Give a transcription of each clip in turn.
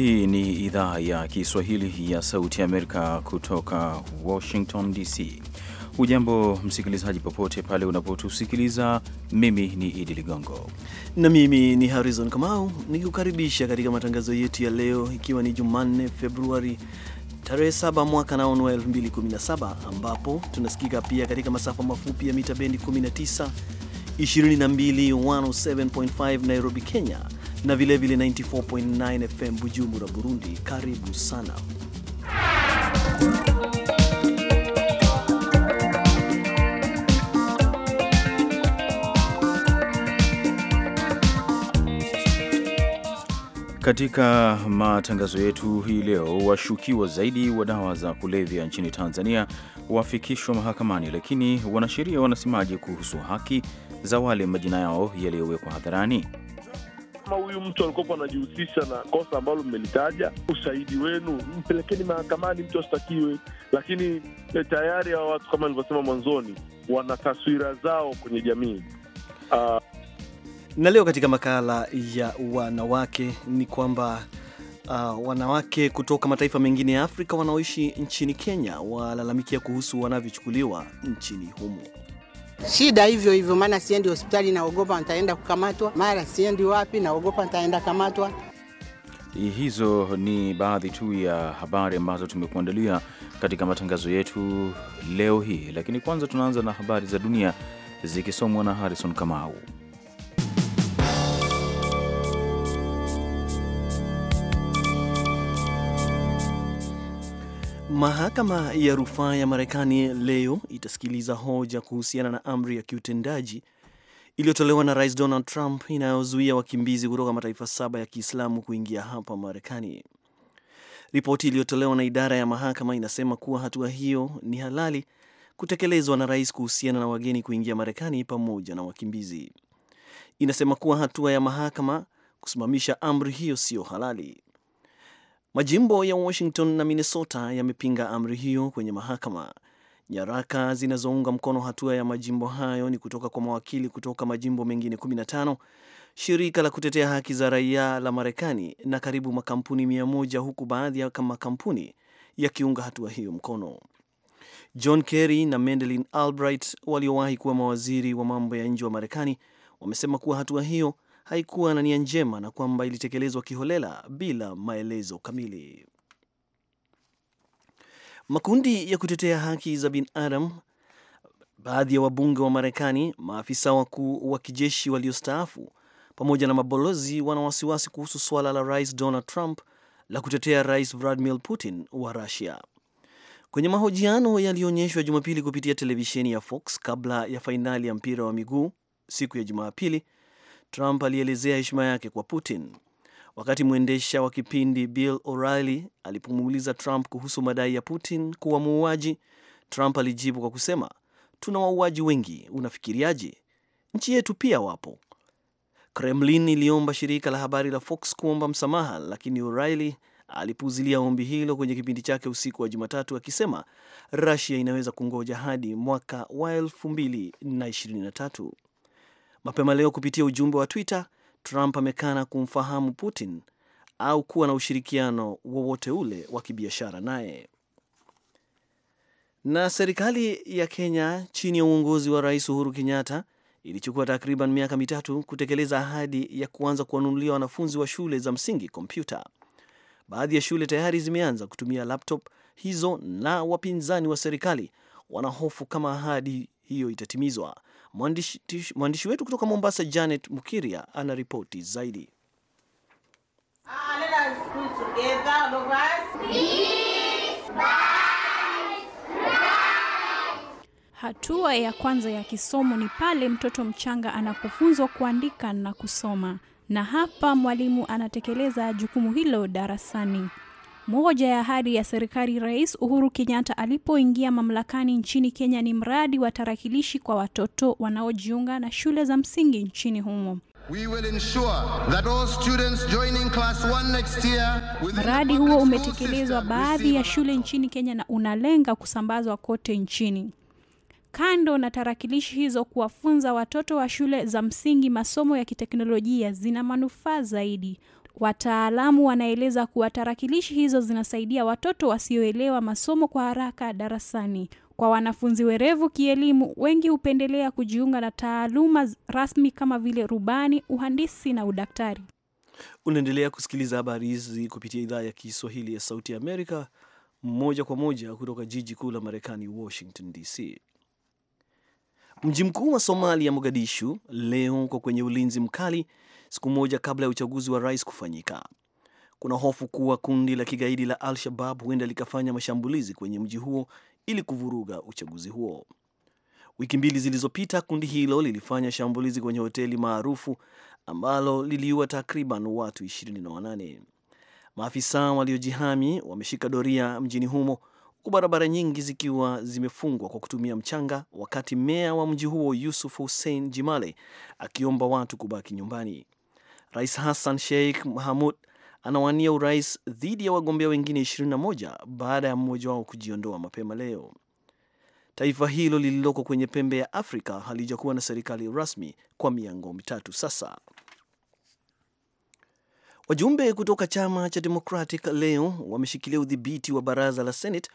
Hii ni idhaa ya Kiswahili ya Sauti ya Amerika kutoka Washington DC. Hujambo msikilizaji, popote pale unapotusikiliza. Mimi ni Idi Ligongo na mimi ni Harrison Kamau nikikukaribisha katika matangazo yetu ya leo, ikiwa ni Jumanne Februari tarehe 7 mwaka naonu wa 2017, ambapo tunasikika pia katika masafa mafupi ya mita bendi 19, 22, 107.5 Nairobi, Kenya na vilevile 94.9 FM Bujumbura, Burundi. Karibu sana. Katika matangazo yetu hii leo, washukiwa zaidi wa dawa za kulevya nchini Tanzania wafikishwa mahakamani, lakini wanasheria wanasemaje kuhusu haki za wale majina yao yaliyowekwa hadharani? kama huyu mtu alikuwa anajihusisha na kosa ambalo mmelitaja, ushahidi wenu mpelekeni mahakamani, mtu ashtakiwe. Lakini eh, tayari hawa watu kama nilivyosema mwanzoni, wana taswira zao kwenye jamii uh, na leo katika makala ya wanawake ni kwamba uh, wanawake kutoka mataifa mengine ya Afrika wanaoishi nchini Kenya walalamikia kuhusu wanavyochukuliwa nchini humo. Shida hivyo hivyo, maana siendi hospitali, naogopa nitaenda kukamatwa. Mara siendi wapi, naogopa nitaenda kamatwa. Hizo ni baadhi tu ya habari ambazo tumekuandalia katika matangazo yetu leo hii, lakini kwanza tunaanza na habari za dunia zikisomwa na Harrison Kamau. Mahakama ya rufaa ya Marekani leo itasikiliza hoja kuhusiana na amri ya kiutendaji iliyotolewa na Rais Donald Trump inayozuia wakimbizi kutoka mataifa saba ya Kiislamu kuingia hapa Marekani. Ripoti iliyotolewa na idara ya mahakama inasema kuwa hatua hiyo ni halali kutekelezwa na rais kuhusiana na wageni kuingia Marekani pamoja na wakimbizi. Inasema kuwa hatua ya mahakama kusimamisha amri hiyo siyo halali. Majimbo ya Washington na Minnesota yamepinga amri hiyo kwenye mahakama. Nyaraka zinazounga mkono hatua ya majimbo hayo ni kutoka kwa mawakili kutoka majimbo mengine 15, shirika la kutetea haki za raia la Marekani na karibu makampuni 100, huku baadhi ya makampuni yakiunga hatua hiyo mkono. John Kerry na Madeleine Albright waliowahi kuwa mawaziri wa mambo ya nje wa Marekani wamesema kuwa hatua hiyo haikuwa na nia njema na kwamba ilitekelezwa kiholela bila maelezo kamili. Makundi ya kutetea haki za binadamu, baadhi ya wabunge wa Marekani, maafisa wakuu wa kijeshi waliostaafu pamoja na mabalozi wana wasiwasi kuhusu suala la Rais Donald Trump la kutetea Rais Vladimir Putin wa Russia. Kwenye mahojiano yaliyoonyeshwa Jumapili kupitia televisheni ya Fox kabla ya fainali ya mpira wa miguu siku ya Jumapili, Trump alielezea heshima yake kwa Putin wakati mwendesha wa kipindi Bill O'Reilly alipomuuliza Trump kuhusu madai ya Putin kuwa muuaji. Trump alijibu kwa kusema, tuna wauaji wengi, unafikiriaje? Nchi yetu pia wapo. Kremlin iliomba shirika la habari la Fox kuomba msamaha, lakini O'Reilly alipuzilia ombi hilo kwenye kipindi chake usiku wa Jumatatu akisema Russia inaweza kungoja hadi mwaka wa 2023. Mapema leo kupitia ujumbe wa Twitter, Trump amekana kumfahamu Putin au kuwa na ushirikiano wowote ule wa kibiashara naye. Na serikali ya Kenya chini ya uongozi wa Rais Uhuru Kenyatta ilichukua takriban miaka mitatu kutekeleza ahadi ya kuanza kuwanunulia wanafunzi wa shule za msingi kompyuta. Baadhi ya shule tayari zimeanza kutumia laptop hizo, na wapinzani wa serikali wanahofu kama ahadi hiyo itatimizwa, Mwandishi wetu kutoka Mombasa, Janet Mukiria, ana ripoti zaidi. Ah, Hatua ya kwanza ya kisomo ni pale mtoto mchanga anapofunzwa kuandika na kusoma, na hapa mwalimu anatekeleza jukumu hilo darasani. Moja ya ahadi ya serikali Rais Uhuru Kenyatta alipoingia mamlakani nchini Kenya ni mradi wa tarakilishi kwa watoto wanaojiunga na shule za msingi nchini humo. We will ensure that all students joining class 1 next year. Mradi huo umetekelezwa baadhi ya shule nchini Kenya na unalenga kusambazwa kote nchini. Kando na tarakilishi hizo, kuwafunza watoto wa shule za msingi masomo ya kiteknolojia zina manufaa zaidi. Wataalamu wanaeleza kuwa tarakilishi hizo zinasaidia watoto wasioelewa masomo kwa haraka darasani. Kwa wanafunzi werevu kielimu, wengi hupendelea kujiunga na taaluma rasmi kama vile rubani, uhandisi na udaktari. Unaendelea kusikiliza habari hizi kupitia idhaa ya Kiswahili ya Sauti ya Amerika, moja kwa moja kutoka jiji kuu la Marekani, Washington DC. Mji mkuu wa Somalia, Mogadishu, leo uko kwenye ulinzi mkali, siku moja kabla ya uchaguzi wa rais kufanyika. Kuna hofu kuwa kundi la kigaidi la Al-Shabab huenda likafanya mashambulizi kwenye mji huo ili kuvuruga uchaguzi huo. Wiki mbili zilizopita, kundi hilo lilifanya shambulizi kwenye hoteli maarufu ambalo liliua takriban watu 28. Maafisa waliojihami wameshika doria mjini humo huku barabara nyingi zikiwa zimefungwa kwa kutumia mchanga, wakati meya wa mji huo Yusuf Hussein Jimale akiomba watu kubaki nyumbani. Rais Hassan Sheikh Mahamud anawania urais dhidi ya wagombea wengine 21 baada ya mmoja wao kujiondoa mapema leo. Taifa hilo lililoko kwenye pembe ya Afrika halijakuwa na serikali rasmi kwa miango mitatu sasa. Wajumbe kutoka chama cha Democratic leo wameshikilia udhibiti wa baraza la Senate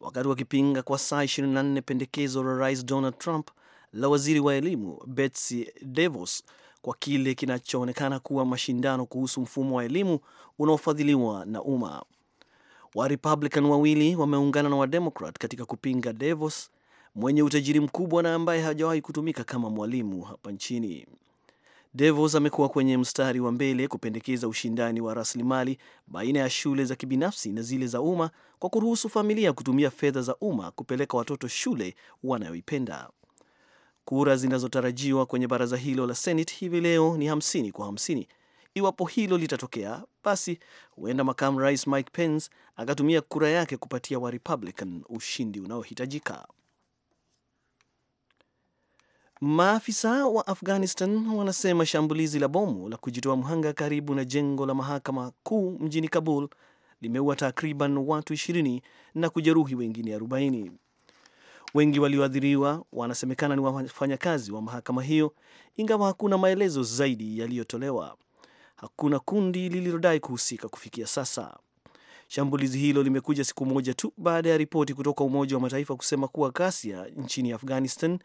wakati wakipinga kwa saa 24 pendekezo la Rais Donald Trump la waziri wa elimu Betsy DeVos kwa kile kinachoonekana kuwa mashindano kuhusu mfumo wa elimu unaofadhiliwa na umma. Warepublican wawili wameungana na Wademokrat katika kupinga DeVos mwenye utajiri mkubwa na ambaye hajawahi kutumika kama mwalimu hapa nchini. Devos amekuwa kwenye mstari wa mbele kupendekeza ushindani wa rasilimali baina ya shule za kibinafsi na zile za umma kwa kuruhusu familia kutumia fedha za umma kupeleka watoto shule wanayoipenda. Kura zinazotarajiwa kwenye baraza hilo la Senate hivi leo ni 50 kwa 50. Iwapo hilo litatokea, basi huenda makamu rais Mike Pence akatumia kura yake kupatia wa Republican ushindi unaohitajika. Maafisa wa Afghanistan wanasema shambulizi la bomu la kujitoa mhanga karibu na jengo la mahakama kuu mjini Kabul limeua takriban watu 20 na kujeruhi wengine 40. Wengi walioathiriwa wanasemekana ni wafanyakazi wa mahakama hiyo, ingawa hakuna maelezo zaidi yaliyotolewa. Hakuna kundi lililodai kuhusika kufikia sasa. Shambulizi hilo limekuja siku moja tu baada ya ripoti kutoka Umoja wa Mataifa kusema kuwa ghasia nchini Afghanistan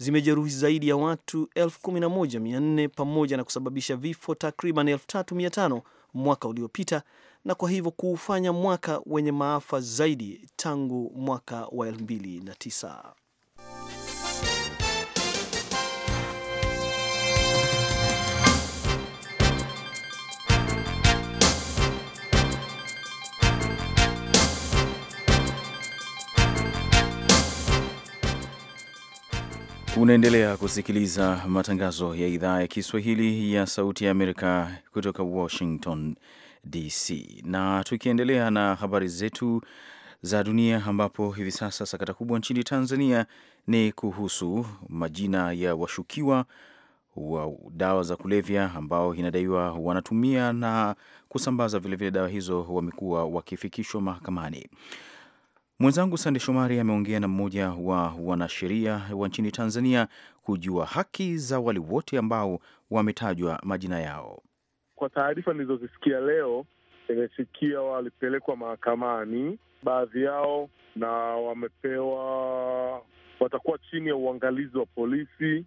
zimejeruhi zaidi ya watu 11,400 pamoja na kusababisha vifo takriban 3,500 mwaka uliopita na kwa hivyo kuufanya mwaka wenye maafa zaidi tangu mwaka wa 2009. Unaendelea kusikiliza matangazo ya idhaa ya Kiswahili ya Sauti ya Amerika kutoka Washington DC, na tukiendelea na habari zetu za dunia, ambapo hivi sasa sakata kubwa nchini Tanzania ni kuhusu majina ya washukiwa wa dawa za kulevya ambao inadaiwa wanatumia na kusambaza vilevile vile dawa hizo wamekuwa wakifikishwa mahakamani. Mwenzangu Sande Shomari ameongea na mmoja wa wanasheria wa nchini Tanzania kujua haki za wale wote ambao wametajwa majina yao. Kwa taarifa nilizozisikia leo, nimesikia walipelekwa mahakamani baadhi yao, na wamepewa watakuwa chini ya uangalizi wa polisi.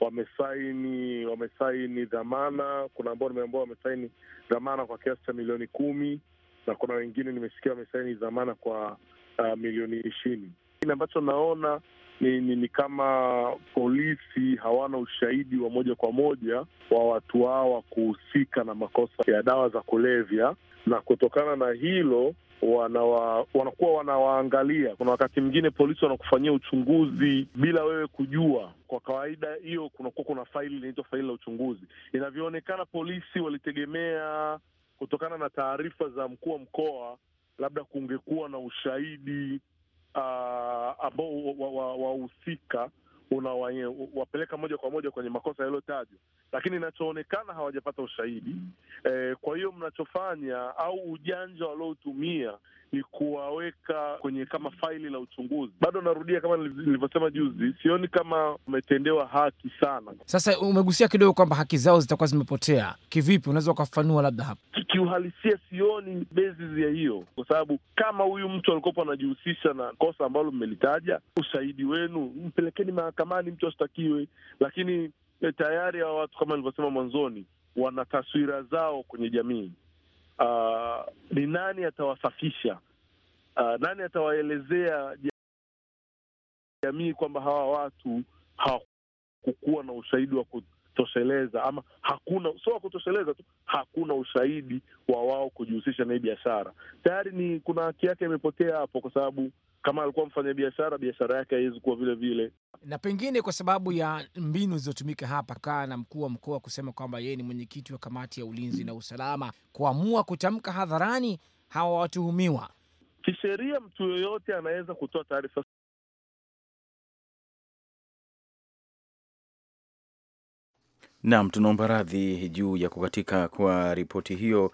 Wamesaini wamesaini dhamana. Kuna ambao nimeambiwa wamesaini dhamana kwa kiasi cha milioni kumi, na kuna wengine nimesikia wamesaini dhamana kwa uh, milioni ishirini. Kile ambacho naona ni, ni, ni kama polisi hawana ushahidi wa moja kwa moja wa watu hawa kuhusika na makosa ya dawa za kulevya, na kutokana na hilo wanawa, wanakuwa wanawaangalia. Kuna wakati mwingine polisi wanakufanyia uchunguzi bila wewe kujua. Kwa kawaida hiyo kunakuwa kuna faili inaitwa faili la uchunguzi. Inavyoonekana polisi walitegemea kutokana na taarifa za mkuu wa mkoa labda kungekuwa na ushahidi uh, ambao wahusika wa, wa, wa unawapeleka moja kwa moja kwenye makosa yaliyotajwa, lakini inachoonekana hawajapata ushahidi. eh, kwa hiyo mnachofanya au ujanja waliotumia ni kuwaweka kwenye kama faili la uchunguzi. Bado narudia kama nilivyosema juzi, sioni kama umetendewa haki sana. Sasa umegusia kidogo kwamba haki zao zitakuwa zimepotea. Kivipi? Unaweza ukafanua labda hapo? Kiuhalisia sioni basis ya hiyo, kwa sababu kama huyu mtu alikopo anajihusisha na kosa ambalo mmelitaja, ushahidi wenu mpelekeni mahakamani, mtu ashtakiwe. Lakini eh, tayari hawa watu kama nilivyosema mwanzoni, wana taswira zao kwenye jamii uh, ni nani atawasafisha? Uh, nani atawaelezea jamii kwamba hawa watu hawakukuwa na ushahidi wa kutosheleza, ama hakuna, sio wa kutosheleza tu, hakuna ushahidi wa wao kujihusisha na hii biashara. Tayari ni kuna haki yake imepotea hapo, kwa sababu kama alikuwa mfanya biashara, biashara yake haiwezi kuwa vile vile, na pengine kwa sababu ya mbinu zilizotumika hapa, kaa na mkuu wa mkoa kusema kwamba yeye ni mwenyekiti wa kamati ya ulinzi na usalama, kuamua kutamka hadharani hawa watuhumiwa. Kisheria, mtu yoyote anaweza kutoa taarifa Naam, tunaomba radhi juu ya kukatika kwa ripoti hiyo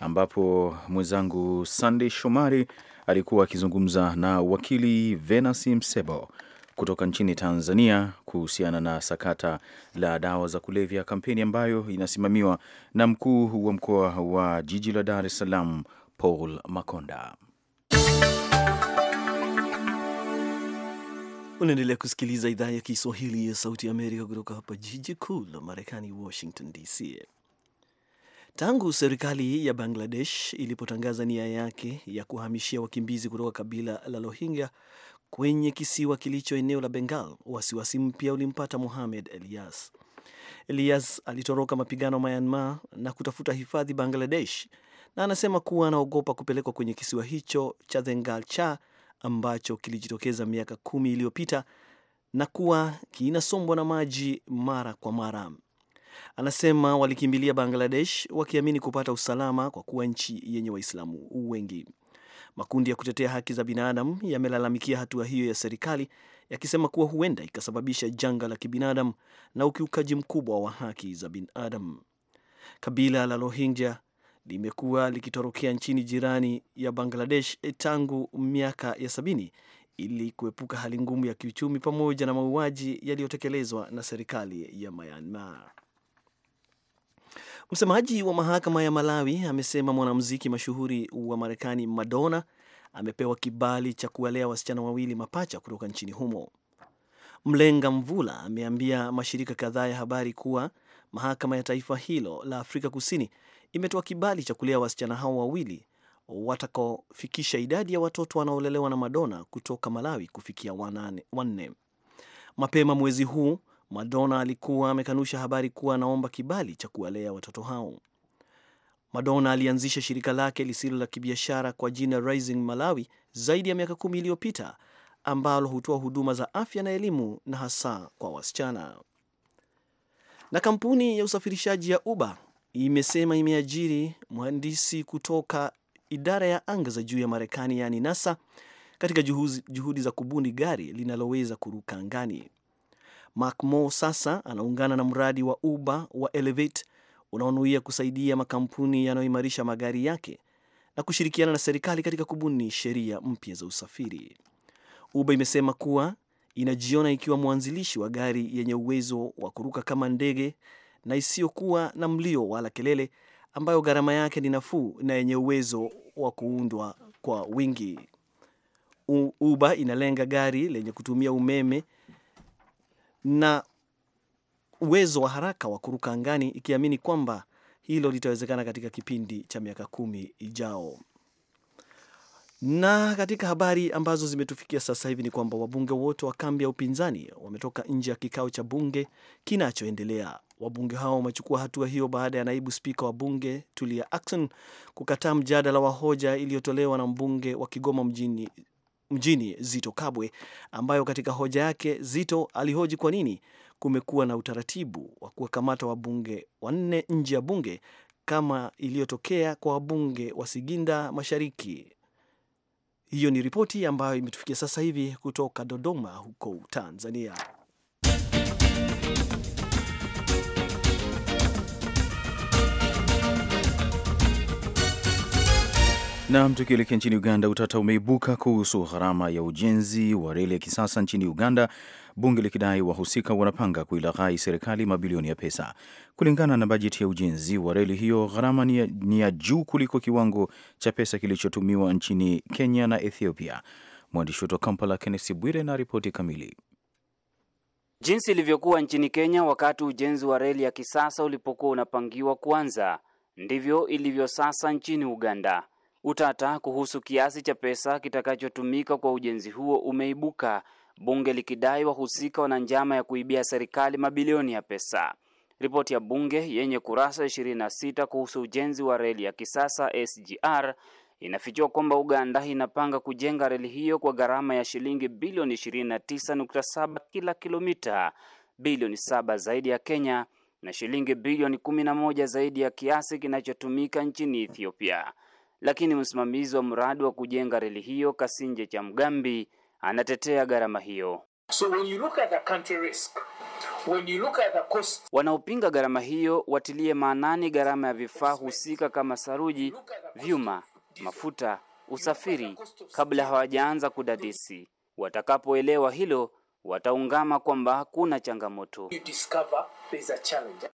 ambapo mwenzangu Sandey Shomari alikuwa akizungumza na wakili Venas Msebo kutoka nchini Tanzania kuhusiana na sakata la dawa za kulevya, kampeni ambayo inasimamiwa na mkuu wa mkoa wa jiji la Dar es Salaam Paul Makonda. Unaendelea kusikiliza idhaa ya Kiswahili ya Sauti ya Amerika kutoka hapa jiji kuu la Marekani, Washington DC. Tangu serikali ya Bangladesh ilipotangaza nia yake ya kuhamishia wakimbizi kutoka kabila la Rohingya kwenye kisiwa kilicho eneo la Bengal, wasiwasi mpya ulimpata muhamed Elias. Elias alitoroka mapigano Myanmar na kutafuta hifadhi Bangladesh, na anasema kuwa anaogopa kupelekwa kwenye kisiwa hicho cha Thengal Cha ambacho kilijitokeza miaka kumi iliyopita na kuwa kinasombwa na maji mara kwa mara. Anasema walikimbilia Bangladesh wakiamini kupata usalama kwa kuwa nchi yenye Waislamu wengi. Makundi ya kutetea haki za binadamu yamelalamikia hatua hiyo ya serikali yakisema kuwa huenda ikasababisha janga la kibinadamu na ukiukaji mkubwa wa haki za binadamu. Kabila la Rohingya limekuwa likitorokea nchini jirani ya Bangladesh tangu miaka ya sabini ili kuepuka hali ngumu ya kiuchumi pamoja na mauaji yaliyotekelezwa na serikali ya Myanmar. Msemaji wa mahakama ya Malawi amesema mwanamuziki mashuhuri wa Marekani Madonna amepewa kibali cha kuwalea wasichana wawili mapacha kutoka nchini humo. Mlenga Mvula ameambia mashirika kadhaa ya habari kuwa mahakama ya taifa hilo la Afrika Kusini imetoa kibali cha kulea wasichana hao wawili watakaofikisha idadi ya watoto wanaolelewa na Madonna kutoka Malawi kufikia wanane, wanne. Mapema mwezi huu Madonna alikuwa amekanusha habari kuwa anaomba kibali cha kuwalea watoto hao. Madonna alianzisha shirika lake lisilo la kibiashara kwa jina Rising Malawi zaidi ya miaka kumi iliyopita ambalo hutoa huduma za afya na elimu na hasa kwa wasichana. Na kampuni ya usafirishaji ya Uber imesema imeajiri mhandisi kutoka idara ya anga za juu ya Marekani yaani NASA katika juhudi za kubuni gari linaloweza kuruka angani. Mark sasa anaungana na mradi wa Uber wa Elevate unaonuia kusaidia makampuni yanayoimarisha magari yake na kushirikiana na serikali katika kubuni sheria mpya za usafiri. Uber imesema kuwa inajiona ikiwa mwanzilishi wa gari yenye uwezo wa kuruka kama ndege na isiyokuwa na mlio wala kelele, ambayo gharama yake ni nafuu na yenye uwezo wa kuundwa kwa wingi. Uber inalenga gari lenye kutumia umeme na uwezo wa haraka wa kuruka angani, ikiamini kwamba hilo litawezekana katika kipindi cha miaka kumi ijao. Na katika habari ambazo zimetufikia sasa hivi ni kwamba wabunge wote wa kambi ya upinzani wametoka nje ya kikao cha bunge kinachoendelea. Wabunge hao wamechukua hatua hiyo baada ya naibu spika wa bunge Tulia Ackson kukataa mjadala wa hoja iliyotolewa na mbunge wa Kigoma mjini mjini Zito Kabwe, ambayo katika hoja yake Zito alihoji kwa nini kumekuwa na utaratibu wa kuwakamata wabunge wanne nje ya bunge kama iliyotokea kwa wabunge wa Siginda Mashariki. Hiyo ni ripoti ambayo imetufikia sasa hivi kutoka Dodoma huko Tanzania. Nam, tukielekea nchini Uganda, utata umeibuka kuhusu gharama ya ujenzi wa reli ya kisasa nchini Uganda, bunge likidai wahusika wanapanga kuilaghai serikali mabilioni ya pesa. Kulingana na bajeti ya ujenzi wa reli hiyo, gharama ni ya, ni ya juu kuliko kiwango cha pesa kilichotumiwa nchini Kenya na Ethiopia. Mwandishi wetu wa Kampala, Kennesi Bwire, na ripoti kamili. Jinsi ilivyokuwa nchini Kenya wakati ujenzi wa reli ya kisasa ulipokuwa unapangiwa kuanza, ndivyo ilivyo sasa nchini Uganda. Utata kuhusu kiasi cha pesa kitakachotumika kwa ujenzi huo umeibuka, bunge likidai wahusika wana njama ya kuibia serikali mabilioni ya pesa. Ripoti ya bunge yenye kurasa 26 kuhusu ujenzi wa reli ya kisasa SGR inafichua kwamba Uganda inapanga kujenga reli hiyo kwa gharama ya shilingi bilioni 29.7 kila kilomita, bilioni 7 zaidi ya Kenya na shilingi bilioni 11 zaidi ya kiasi kinachotumika nchini Ethiopia lakini msimamizi wa mradi wa kujenga reli hiyo Kasinje cha Mgambi anatetea gharama hiyo. So when you look at the country risk, when you look at the cost... Wanaopinga gharama hiyo watilie maanani gharama ya vifaa husika kama saruji, vyuma, mafuta, usafiri kabla hawajaanza kudadisi. Watakapoelewa hilo wataungama kwamba hakuna changamoto.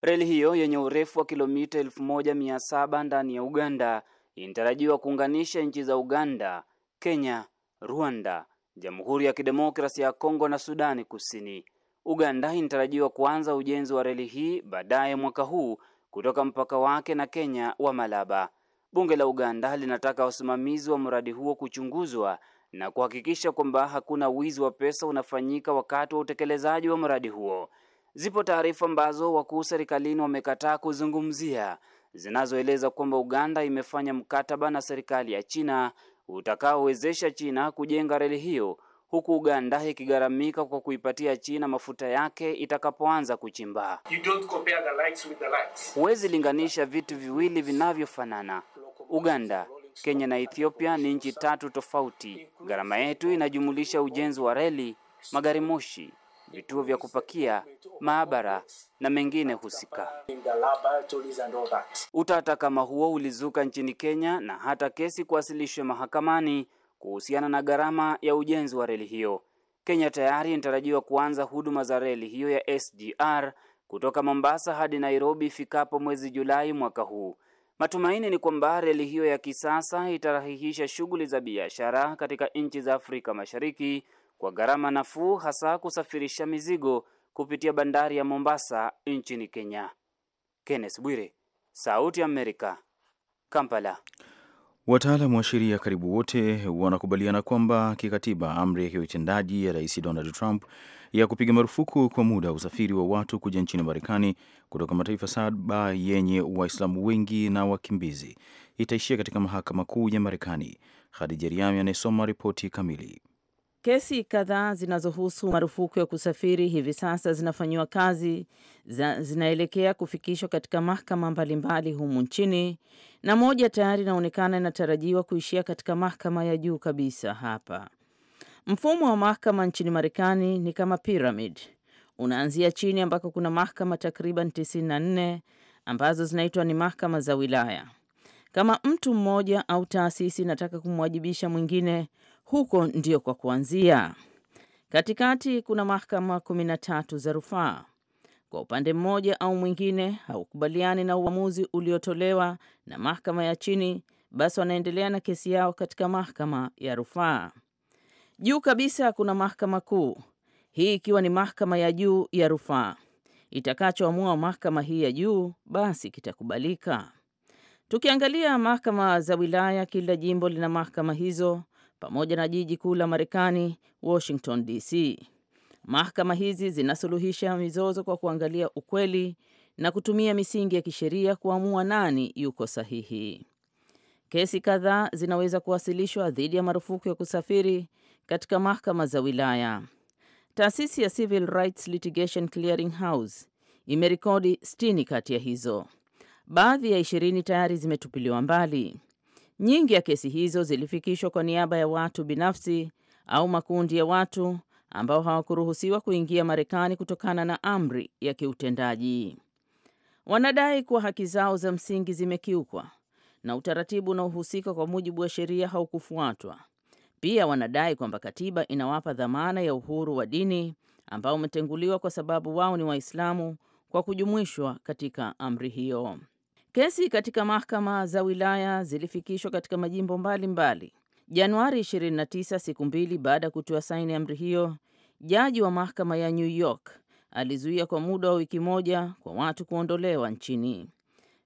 Reli hiyo yenye urefu wa kilomita 1700 ndani ya Uganda inatarajiwa kuunganisha nchi za Uganda, Kenya, Rwanda, Jamhuri ya Kidemokrasia ya Kongo na Sudani Kusini. Uganda inatarajiwa kuanza ujenzi wa reli hii baadaye mwaka huu kutoka mpaka wake na Kenya wa Malaba. Bunge la Uganda linataka wasimamizi wa mradi huo kuchunguzwa na kuhakikisha kwamba hakuna wizi wa pesa unafanyika wakati wa utekelezaji wa mradi huo. Zipo taarifa ambazo wakuu serikalini wamekataa kuzungumzia zinazoeleza kwamba Uganda imefanya mkataba na serikali ya China utakaowezesha China kujenga reli hiyo huku Uganda ikigharamika kwa kuipatia China mafuta yake itakapoanza kuchimba. Huwezi linganisha vitu viwili vinavyofanana. Uganda, Kenya na Ethiopia ni nchi tatu tofauti. Gharama yetu inajumulisha ujenzi wa reli, magari moshi vituo vya kupakia, maabara na mengine husika. Utata kama huo ulizuka nchini Kenya na hata kesi kuwasilishwa mahakamani kuhusiana na gharama ya ujenzi wa reli hiyo. Kenya tayari inatarajiwa kuanza huduma za reli hiyo ya SGR kutoka Mombasa hadi Nairobi ifikapo mwezi Julai mwaka huu. Matumaini ni kwamba reli hiyo ya kisasa itarahihisha shughuli za biashara katika nchi za Afrika Mashariki kwa gharama nafuu, hasa kusafirisha mizigo kupitia bandari ya Mombasa nchini Kenya. Kenneth Bwire, Sauti Amerika, Kampala. Wataalam wa sheria karibu wote wanakubaliana kwamba kikatiba, amri ya kiutendaji ya Rais Donald Trump ya kupiga marufuku kwa muda usafiri wa watu kuja nchini Marekani kutoka mataifa saba yenye Waislamu wengi na wakimbizi itaishia katika mahakama kuu ya Marekani. Khadija Riami anayesoma ripoti kamili. Kesi kadhaa zinazohusu marufuku ya kusafiri hivi sasa zinafanyiwa kazi za, zinaelekea kufikishwa katika mahakama mbalimbali humu nchini na moja tayari inaonekana inatarajiwa kuishia katika mahakama ya juu kabisa hapa. Mfumo wa mahakama nchini Marekani ni kama piramid. Unaanzia chini ambako kuna mahakama takriban 94 ambazo zinaitwa ni mahakama za wilaya. Kama mtu mmoja au taasisi inataka kumwajibisha mwingine, huko ndio kwa kuanzia. Katikati kuna mahakama kumi na tatu za rufaa. Kwa upande mmoja au mwingine haukubaliani na uamuzi uliotolewa na mahakama ya chini, basi wanaendelea na kesi yao katika mahakama ya rufaa. Juu kabisa kuna mahakama kuu, hii ikiwa ni mahakama ya juu ya rufaa. Itakachoamua mahakama hii ya juu basi kitakubalika. Tukiangalia mahakama za wilaya, kila jimbo lina mahakama hizo pamoja na jiji kuu la Marekani, Washington DC. Mahakama hizi zinasuluhisha mizozo kwa kuangalia ukweli na kutumia misingi ya kisheria kuamua nani yuko sahihi. Kesi kadhaa zinaweza kuwasilishwa dhidi ya marufuku ya kusafiri katika mahakama za wilaya. Taasisi ya Civil Rights Litigation Clearing House imerekodi 60 kati ya hizo. Baadhi ya 20 tayari zimetupiliwa mbali. Nyingi ya kesi hizo zilifikishwa kwa niaba ya watu binafsi au makundi ya watu ambao hawakuruhusiwa kuingia Marekani kutokana na amri ya kiutendaji. Wanadai kuwa haki zao za msingi zimekiukwa na utaratibu unaohusika kwa mujibu wa sheria haukufuatwa. Pia wanadai kwamba katiba inawapa dhamana ya uhuru wa dini ambao umetenguliwa kwa sababu wao ni Waislamu kwa kujumuishwa katika amri hiyo. Kesi katika mahakama za wilaya zilifikishwa katika majimbo mbalimbali Januari 29, siku mbili baada ya kutiwa saini amri hiyo. Jaji wa mahakama ya New York alizuia kwa muda wa wiki moja kwa watu kuondolewa nchini.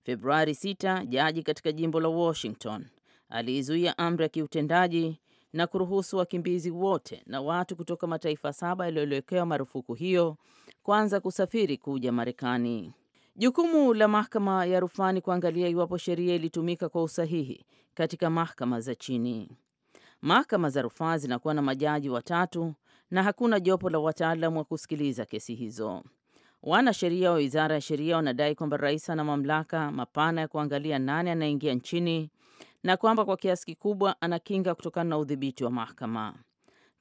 Februari 6, jaji katika jimbo la Washington aliizuia amri ya kiutendaji na kuruhusu wakimbizi wote na watu kutoka mataifa saba yaliyoelekewa marufuku hiyo kwanza kusafiri kuja Marekani. Jukumu la mahakama ya ni kuangalia iwapo sheria ilitumika kwa usahihi katika mahakama za chini. Mahakama za rufaa zinakuwa na majaji watatu na hakuna jopo la wataalamu wa kusikiliza kesi hizo. Wanasheria wa wizara ya sheria wanadai kwamba rais ana mamlaka mapana ya kuangalia nani anaingia nchini na kwamba kwa kiasi kikubwa anakinga kutokana na udhibiti wa mahakama.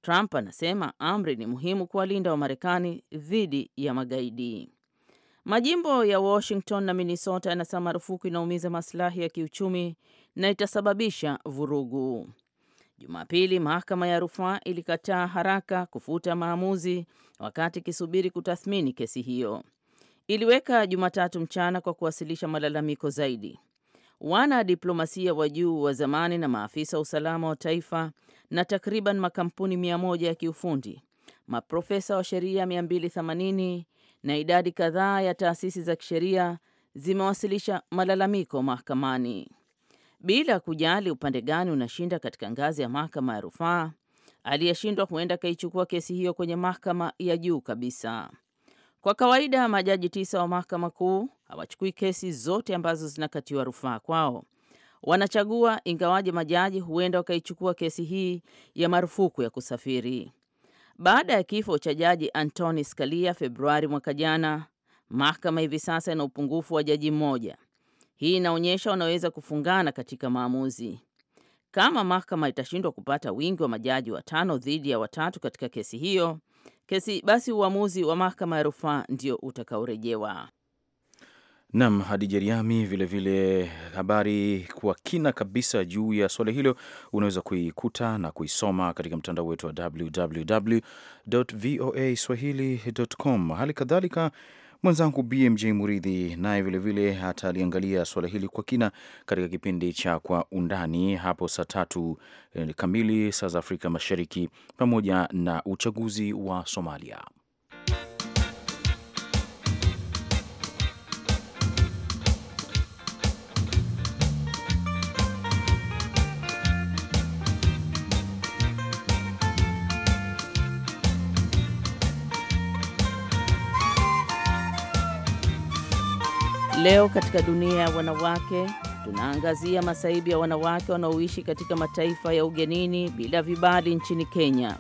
Trump anasema amri ni muhimu kuwalinda Wamarekani dhidi ya magaidi. Majimbo ya Washington na Minnesota yanasema marufuku inaumiza masilahi ya kiuchumi na itasababisha vurugu. Jumapili, mahakama ya rufaa ilikataa haraka kufuta maamuzi wakati ikisubiri kutathmini kesi hiyo. Iliweka Jumatatu mchana kwa kuwasilisha malalamiko zaidi. Wana diplomasia wa juu wa zamani na maafisa wa usalama wa taifa na takriban makampuni mia moja ya kiufundi, maprofesa wa sheria 280 na idadi kadhaa ya taasisi za kisheria zimewasilisha malalamiko mahakamani. Bila kujali upande gani unashinda katika ngazi ya mahakama ya rufaa, aliyeshindwa huenda akaichukua kesi hiyo kwenye mahakama ya juu kabisa. Kwa kawaida majaji tisa wa mahakama kuu hawachukui kesi zote ambazo zinakatiwa rufaa kwao, wanachagua, ingawaje majaji huenda wakaichukua kesi hii ya marufuku ya kusafiri. Baada ya kifo cha jaji antoni Scalia Februari mwaka jana, mahakama hivi sasa ina upungufu wa jaji mmoja. Hii inaonyesha wanaweza kufungana katika maamuzi. Kama mahakama itashindwa kupata wingi wa majaji watano dhidi ya watatu katika kesi hiyo kesi, basi uamuzi wa mahakama ya rufaa ndio utakaorejewa. Nam Hadija Riami. Vilevile habari kwa kina kabisa juu ya suala hilo unaweza kuikuta na kuisoma katika mtandao wetu wa www voa swahili.com. Hali kadhalika mwenzangu BMJ Muridhi naye vilevile ataliangalia suala hili kwa kina katika kipindi cha Kwa Undani hapo saa tatu eh, kamili saa za Afrika Mashariki, pamoja na uchaguzi wa Somalia. Leo katika dunia ya wanawake tunaangazia masaibu ya wanawake wanaoishi katika mataifa ya ugenini bila vibali nchini Kenya.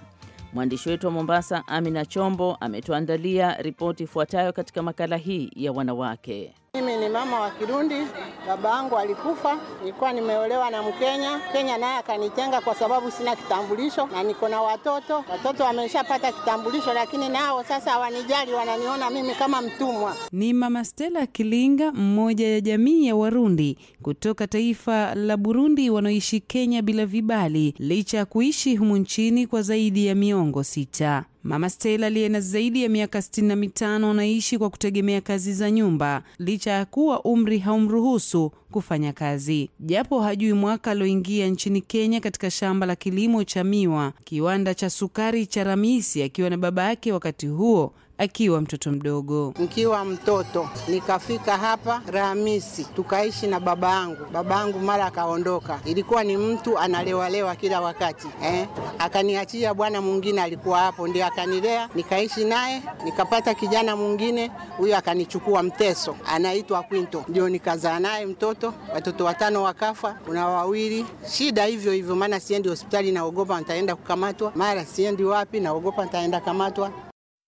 Mwandishi wetu wa Mombasa, Amina Chombo, ametuandalia ripoti ifuatayo katika makala hii ya wanawake. Mimi ni mama wa Kirundi, baba yangu alikufa, nilikuwa nimeolewa na Mkenya. Kenya naye akanitenga kwa sababu sina kitambulisho na niko na watoto. Watoto wameshapata kitambulisho, lakini nao sasa hawanijali, wananiona mimi kama mtumwa. Ni mama Stella Kilinga, mmoja ya jamii ya Warundi kutoka taifa la Burundi wanaoishi Kenya bila vibali, licha ya kuishi humu nchini kwa zaidi ya miongo sita. Mama Stella aliye na zaidi ya miaka 65 anaishi kwa kutegemea kazi za nyumba licha ya kuwa umri haumruhusu kufanya kazi. Japo hajui mwaka alioingia nchini Kenya katika shamba la kilimo cha miwa, kiwanda cha sukari cha Ramisi, akiwa na baba yake wakati huo akiwa mtoto mdogo. Nikiwa mtoto nikafika hapa Rahamisi, tukaishi na baba yangu. Baba yangu mara akaondoka, ilikuwa ni mtu analewalewa kila wakati eh. Akaniachia bwana mwingine alikuwa hapo, ndio akanilea, nikaishi naye, nikapata kijana mwingine, huyo akanichukua Mteso, anaitwa Kwinto, ndio nikazaa naye mtoto. Watoto watano wakafa, kuna wawili shida hivyo hivyo, maana siendi hospitali, naogopa nitaenda kukamatwa, mara siendi wapi, naogopa nitaenda kamatwa.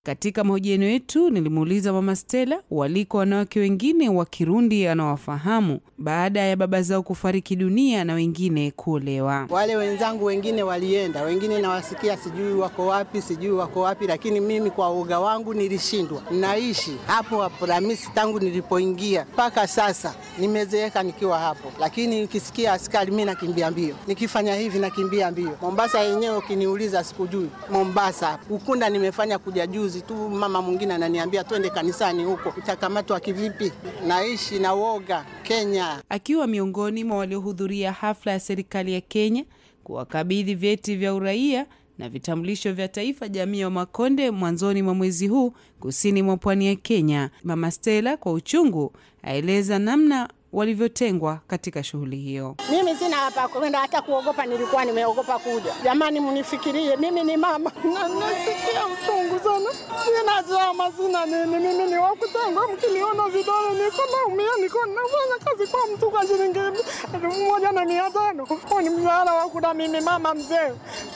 Katika mahojiano yetu nilimuuliza Mama Stella waliko wanawake wengine wa Kirundi anawafahamu baada ya baba zao kufariki dunia na wengine kuolewa. Wale wenzangu wengine walienda, wengine nawasikia, sijui wako wapi, sijui wako wapi, lakini mimi kwa uoga wangu nilishindwa. Naishi hapo hapo Ramisi tangu nilipoingia mpaka sasa, nimezeeka nikiwa hapo, lakini nikisikia askari mi nakimbia mbio, nikifanya hivi nakimbia mbio. Mombasa yenyewe ukiniuliza sikujui Mombasa. Ukunda nimefanya kuja juzi juzi tu mama mwingine ananiambia twende kanisani huko, utakamatwa kivipi? Naishi na woga Kenya. Akiwa miongoni mwa waliohudhuria hafla ya serikali ya Kenya kuwakabidhi vyeti vya uraia na vitambulisho vya taifa jamii ya Makonde mwanzoni mwa mwezi huu kusini mwa pwani ya Kenya, Mama Stella kwa uchungu aeleza namna walivyotengwa katika shughuli hiyo. Mimi sina hapa kwenda, hata kuogopa nilikuwa nimeogopa kuja. Jamani, mnifikirie mimi ni mama nasikia uchungu sana, sina jama, sina nini, mimi ni wakutengwa. Mkiniona vidole niko naumia, niko nafanya kazi kwa mtu kwa shilingi elfu moja na mia tano ni mshahara wakuna mimi mama mzee,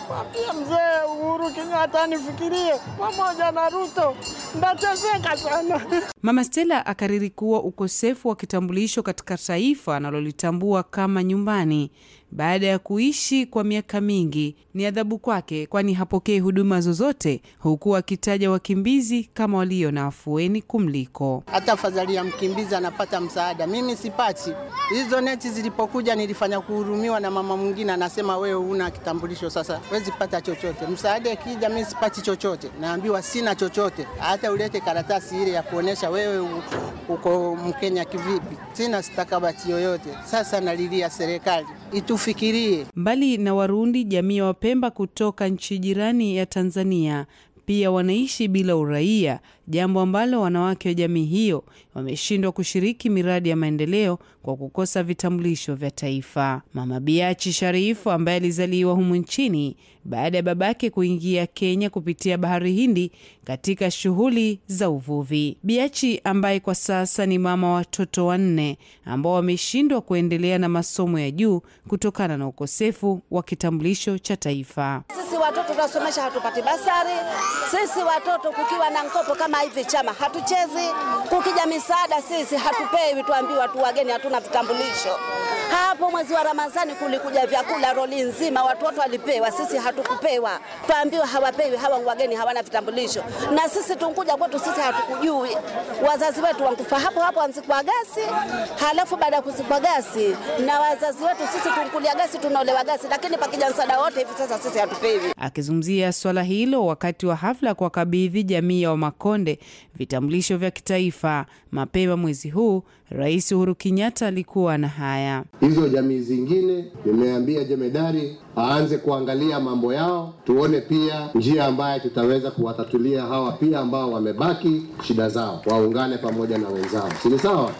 mwambie mzee Uhuru Kenyatta nifikirie pamoja na Ruto, ndateseka sana. Mama Stella akariri kuwa ukosefu wa kitambulisho katika katika taifa analolitambua kama nyumbani baada ya kuishi kwa miaka mingi ni adhabu kwake, kwani hapokei huduma zozote, huku akitaja wakimbizi kama walio na afueni kumliko. Hata fadhali ya mkimbizi anapata msaada, mimi sipati. Hizo neti zilipokuja nilifanya kuhurumiwa, na mama mwingine anasema wewe huna kitambulisho, sasa wezi pata chochote. Msaada ikija, mimi sipati chochote, naambiwa sina chochote, hata ulete karatasi ile ya kuonyesha wewe uko Mkenya kivipi. Sina stakabati yoyote. Sasa nalilia serikali itufikirie. Mbali na Warundi, jamii ya Wapemba kutoka nchi jirani ya Tanzania pia wanaishi bila uraia jambo ambalo wanawake wa jamii hiyo wameshindwa kushiriki miradi ya maendeleo kwa kukosa vitambulisho vya taifa. Mama Biachi Sharifu ambaye alizaliwa humu nchini baada ya babake kuingia Kenya kupitia Bahari Hindi katika shughuli za uvuvi. Biachi ambaye kwa sasa ni mama watoto wanne ambao wameshindwa kuendelea na masomo ya juu kutokana na ukosefu wa kitambulisho cha taifa. Sisi watoto tunasomesha hatupati basari. Sisi watoto kukiwa na mkopo kama kama hivi chama hatuchezi. Kukija misaada sisi hatupewi, tuambiwa tu wageni, hatuna vitambulisho. Hapo mwezi wa Ramadhani kulikuja vyakula roli nzima, watoto walipewa, sisi hatukupewa, tuambiwa hawapewi, hawa wageni hawana vitambulisho. Na sisi tunkuja kwetu, sisi hatukujui, wazazi wetu wankufa hapo hapo wanzikwa gasi, halafu baada ya kuzikwa gasi na wazazi wetu sisi tunkulia gasi, tunaolewa gasi, lakini pakija msaada wote hivi sasa sisi hatupewi. Akizungumzia swala hilo wakati wa hafla kwa kabidhi jamii ya Wamakonde kunde vitambulisho vya kitaifa. Mapema mwezi huu Rais Uhuru Kenyatta alikuwa na haya. Hizo jamii zingine nimeambia jemedari aanze kuangalia mambo yao, tuone pia njia ambayo tutaweza kuwatatulia hawa pia ambao wamebaki shida zao, waungane pamoja na wenzao, si sawa?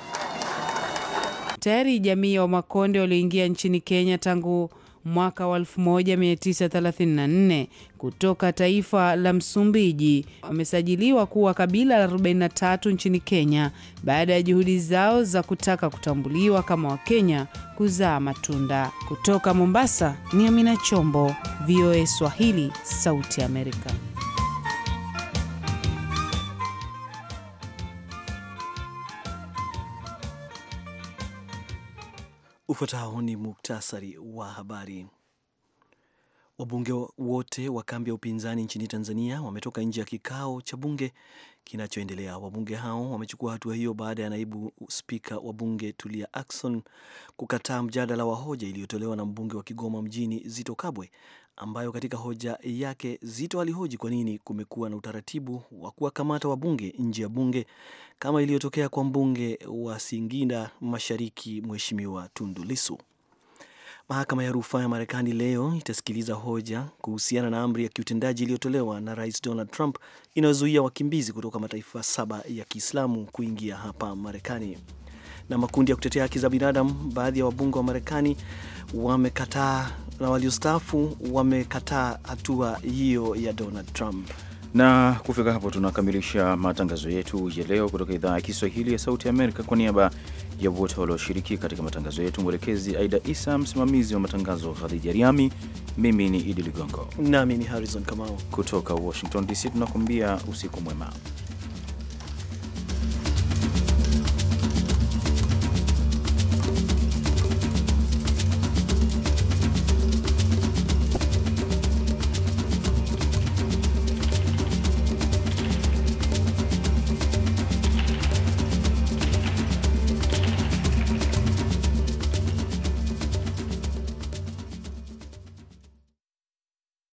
Tayari jamii ya Wamakonde walioingia nchini Kenya tangu mwaka wa 1934 kutoka taifa la Msumbiji wamesajiliwa kuwa kabila la 43 nchini Kenya baada ya juhudi zao za kutaka kutambuliwa kama Wakenya kuzaa matunda. Kutoka Mombasa ni Amina Chombo, VOA Swahili, Sauti Amerika. Ufuatao ni muktasari wa habari. Wabunge wote wa kambi ya upinzani nchini Tanzania wametoka nje ya kikao cha bunge kinachoendelea. Wabunge hao wamechukua hatua hiyo baada ya naibu spika wa bunge Tulia Ackson kukataa mjadala wa hoja iliyotolewa na mbunge wa Kigoma mjini Zito Kabwe ambayo katika hoja yake Zito alihoji kwa nini kumekuwa na utaratibu wa kuwakamata wabunge nje ya bunge kama iliyotokea kwa mbunge wa Singida Mashariki Mheshimiwa Tundu Lisu. Mahakama ya rufaa ya Marekani leo itasikiliza hoja kuhusiana na amri ya kiutendaji iliyotolewa na Rais Donald Trump inayozuia wakimbizi kutoka mataifa saba ya Kiislamu kuingia hapa Marekani. Na makundi ya kutetea haki za binadamu, baadhi ya wabunge wa Marekani wamekataa na waliostaafu wamekataa hatua hiyo ya Donald Trump. Na kufika hapo, tunakamilisha matangazo yetu ya leo kutoka idhaa ya Kiswahili ya Sauti Amerika. Kwa niaba ya wote walioshiriki katika matangazo yetu, mwelekezi Aida Isa, msimamizi wa matangazo Khadija Riami, mimi ni Idi Ligongo nami ni Harrison Kamau kutoka Washington DC, tunakuambia usiku mwema.